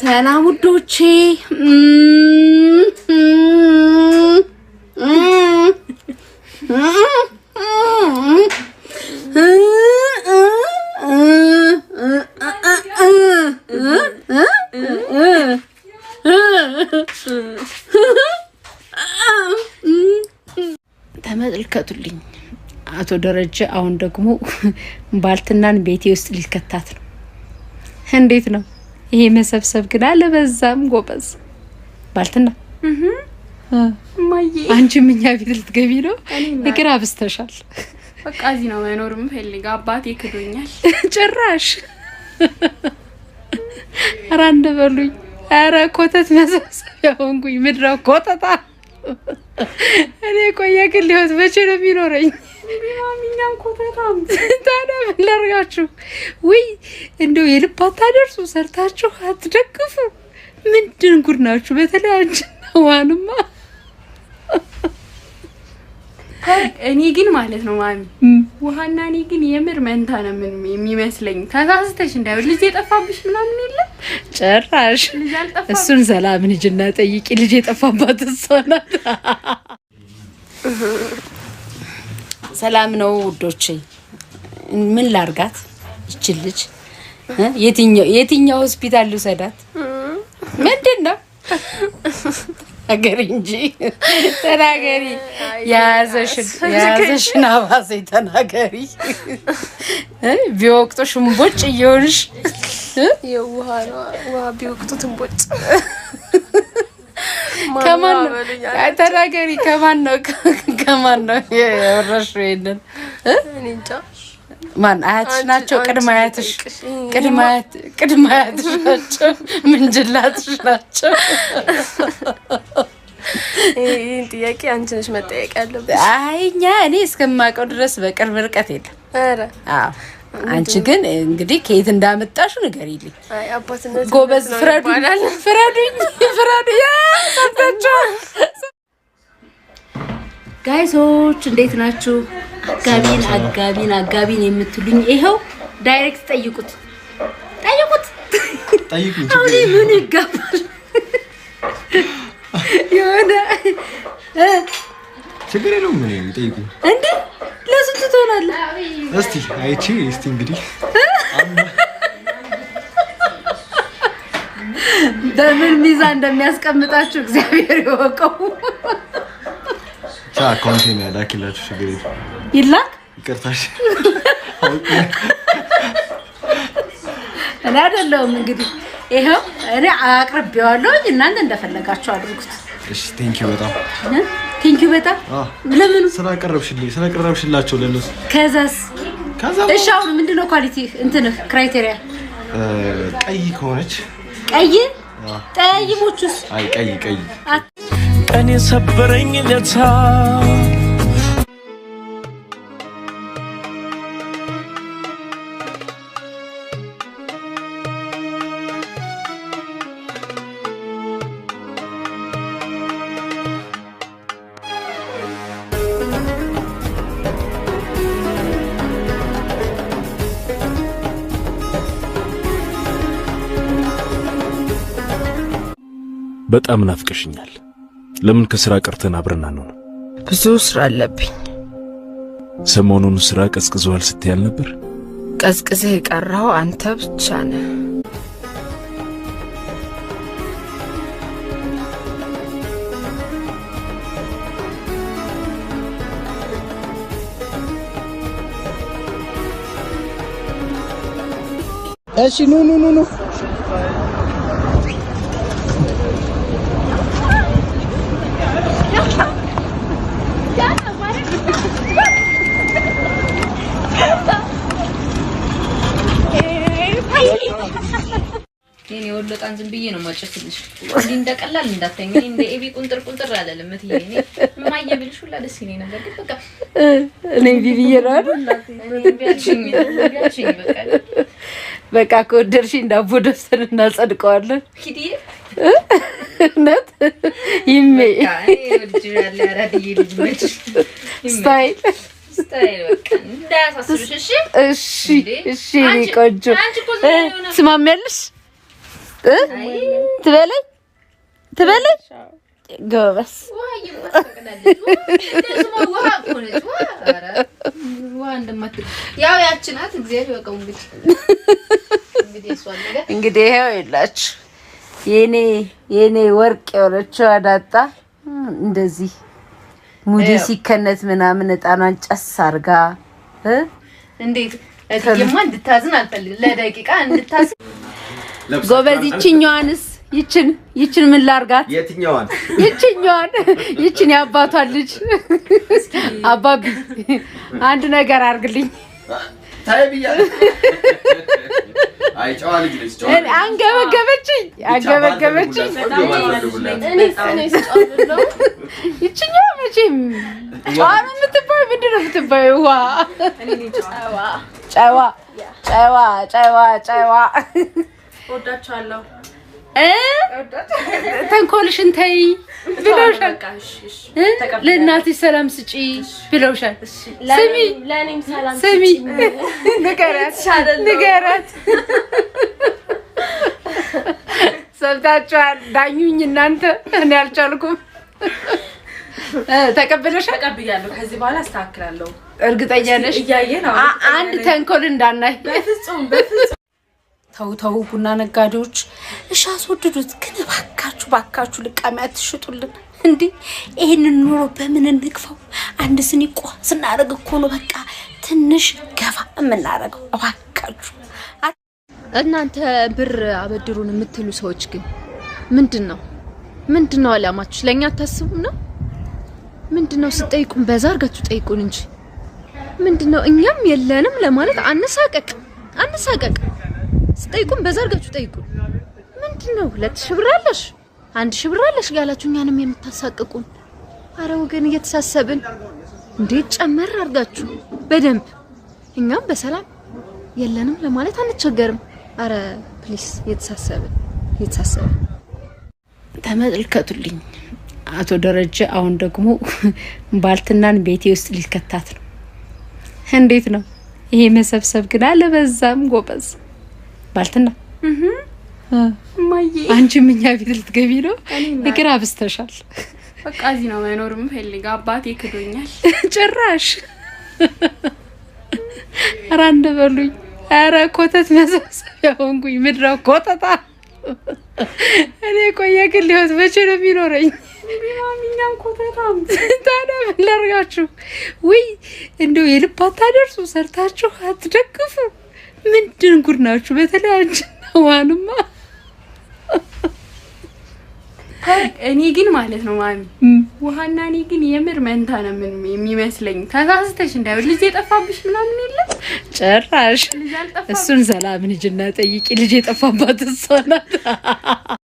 ሰላም ውዶቼ፣ ተመልከቱልኝ አቶ ደረጀ አሁን ደግሞ ባልትናን ቤቴ ውስጥ ሊከታት ነው። እንዴት ነው? ይሄ መሰብሰብ ግን አለበዛም ጎበዝ ባልትና አንቺም እኛ ቤት ልትገቢ ነው። እግር አብስተሻል። በቃ እዚህ ነው መኖር የምፈልግ። አባቴ ክዶኛል ጭራሽ። ኧረ አንድ በሉኝ። ኧረ ኮተት መሰብሰብ ያሆንኩኝ ምድረ ኮተታ። እኔ ቆየ ግን ሊሆን መቼ ነው የሚኖረኝ? ታዲያ ምን ላድርጋችሁ? ውይ እንደው የልብ አታደርሱ፣ ሰርታችሁ አትደግፉ። ምንድን ጉድ ናችሁ? በተለይ አንቺና ዋንማ እኔ ግን ማለት ነው ማሚ ውሃና እኔ ግን የምር መንታ ነው ምን የሚመስለኝ። ተሳስተሽ እንዳይሆን ልጅ የጠፋብሽ ምናምን የለም ጭራሽ። እሱን ሰላም ልጅና ጠይቂ። ልጅ የጠፋባት እሷ ናት። ሰላም ነው ውዶቼ። ምን ላርጋት ይችል ልጅ? የትኛው የትኛው ሆስፒታል ልውሰዳት? ምንድን ነው ተናገሪ እንጂ ተናገሪ። የያዘሽን አባዜ ተናገሪ። ቢወቅጡሽ እምቦጭ እየሆንሽ ውሃ ቢወቅጡት እምቦጭ ከማን ነው ተናገሪ? ከማን ነው ከማን ነው የወረሽው? ይሄንን ማን አያትሽ ናቸው? ቅድመ አያትሽ ቅድመ አያትሽ ናቸው? ምንጅላትሽ ናቸው? ይህን ጥያቄ አንቺ ነሽ መጠየቅ ያለብሽ። አይ እኛ እኔ እስከማውቀው ድረስ በቅርብ ርቀት የለም። አዎ አንቺ ግን እንግዲህ ከየት እንዳመጣሽ ንገሪልኝ። ጎበዝ ፍረዱኝ፣ ፍረዱኝ፣ ፍረዱኝ። ጋይሶች እንዴት ናችሁ? አጋቢን አጋቢን አጋቢን የምትሉኝ ይኸው ዳይሬክት ጠይቁት፣ ጠይቁት። አሁን ምን ይጋባል የሆነ ችግር የለውም። ምን ይጠይቁ እንዴ? ለስንት ትሆናለህ? እስቲ አይቺ እስቲ እንግዲህ በምን ሚዛ እንደሚያስቀምጣችሁ እግዚአብሔር ይወቀው። ቻ ኮንቴን ያላክላችሁ ችግር የለም። ይላክ ይቅርታሽ እኔ አይደለሁም እንግዲህ ይኸው እኔ አቅርቤዋለሁ። እናንተ እንደፈለጋችሁ አድርጉት። እሺ ቴንክ ዩ በጣም ቴንኪው በጣም ለምን ስራ ስላቀረብሽላቸው ለነሱ። ከዛስ ከዛ እሺ፣ አሁን ምንድነው ኳሊቲ እንትን ክራይቴሪያ? ቀይ ከሆነች ቀይ ጠይሞቹስ? አይ ቀይ ቀይ ቀን የሰበረኝ ለታ በጣም ናፍቀሽኛል። ለምን ከስራ ቀርተን አብረን አንሆንም? ብዙ ስራ አለብኝ። ሰሞኑን ስራ ቀዝቅዘዋል ስትያል ነበር። ቀዝቅዝህ የቀረኸው አንተ ብቻ ነህ። እሺ ኑ ኑ ኑ ኑ በጣም ዝም ብዬ ነው ማጨስልሽ። እንዲህ እንደቀላል እንዳታኝ እኔ እንደ ኤቢ ቁንጥር ቁንጥር አይደለም እትዬ። እኔ እማዬ ብልሽ ሁላ ደስ ይለኝ ነበር፣ ግን በቃ እኔ ኤቢ ብዬ ነው ቢያችኝ በቃ በቃ ከወደድሽኝ ዳቦ ደፍተን እናጸድቀዋለን። ኪድዬ እውነት ይሜ ስታይል ስታይል በቃ እንዳያሳስብሽ። እሺ እሺ እሺ ቆንጆ ስማሚያለሽ ትበለኝ ትበለኝ ጎበስ እንግዲህ ይኸው የላችሁ የኔ የኔ ወርቅ የሆነችው አዳጣ እንደዚህ ሙዲ ሲከነት ምናምን እጣኗን ጨስ አድርጋ እንዴት እትዬማ እንድታዝን አልፈልግም። ለደቂቃ እንድታዝን ጎበዝ። ይችኛዋንስ ይችን ይችን ምን ላርጋት? የትኛዋን? ይችኛዋን ይችን የአባቷን ልጅ አባቢ አንድ ነገር አርግልኝ። አንገበገበችኝ አንገበገበችኝ። ይችኛዋ መቼም ጨዋ ነው ምንድን ነው ጨዋ ጨዋ ጨዋ ጨዋ እወዳቸዋለሁ። ተንኮልሽን ተይ ብለውሻል። ለእናትሽ ሰላም ስጪ ብለውሻል። ስሚ ስሚ፣ ንገራት ንገራት። ሰምታችኋል። ዳኙኝ እናንተ። እኔ አልቻልኩም። ተቀብያለሁ። ከዚህ በኋላ አስተካክላለሁ። እርግጠኛ ነሽ? አንድ ተንኮል እንዳናይ በፍጹም በፍጹም ተው ተው፣ ቡና ነጋዴዎች እሺ፣ አስወድዱት ግን ባካችሁ፣ ባካችሁ ልቃሚ አትሽጡልን። እንዲ ይህንን ኑሮ በምን እንግፋው? አንድ ስኒ ቋ ስናደርግ እኮ ነው በቃ ትንሽ ገፋ የምናደርገው። እባካችሁ እናንተ ብር አበድሩን የምትሉ ሰዎች ግን ምንድን ነው ምንድን ነው አላማችሁ? ለእኛ አታስቡም ነው ምንድን ነው? ስጠይቁን በዛ አድርጋችሁ ጠይቁን እንጂ ምንድን ነው እኛም የለንም ለማለት አንሳቀቅ፣ አንሳቀቅ ጠይቁን በዛርጋችሁ ጠይቁ። ጠይቁን። ምንድን ነው ሁለት ሺህ ብር አለሽ አንድ ሺህ ብር አለሽ ጋላችሁ እኛንም የምታሳቅቁን? አረ ወገን እየተሳሰብን እንዴት ጨመር አድርጋችሁ በደንብ እኛም በሰላም የለንም ለማለት አንቸገርም። አረ ፕሊስ እየተሳሰብን እየተሳሰብን ተመልከቱልኝ። አቶ ደረጀ አሁን ደግሞ ባልትናን ቤቴ ውስጥ ሊከታት ነው። እንዴት ነው ይሄ መሰብሰብ ግን አለበዛም? ጎበዝ ባልትና አንቺ ምኛ ቤት ልትገቢ ነው? እግር አብስተሻል። በቃ እዚህ ነው መኖር ፈልግ። አባቴ ክዶኛል። ጭራሽ ኧረ አንድ በሉኝ። ኧረ ኮተት መሰብሰቢያ ሆንኩኝ። ምድረ ኮተታ እኔ ቆየ ግን ሊሆት መቼ ነው የሚኖረኝ? ታዲያ ምን ላድርጋችሁ? ውይ እንደው የልብ አታደርሱ፣ ሰርታችሁ አትደግፉ ምንድን ጉድ ናችሁ? በተለይ ዋንማ እኔ ግን ማለት ነው ማሚ ውሃና እኔ ግን የምር መንታ ነው ምን የሚመስለኝ። ተሳስተሽ እንዳይ ልጅ የጠፋብሽ ምናምን የለም ጭራሽ። እሱን ሰላም ልጅና ጠይቂ። ልጅ የጠፋባት እሷ ናት።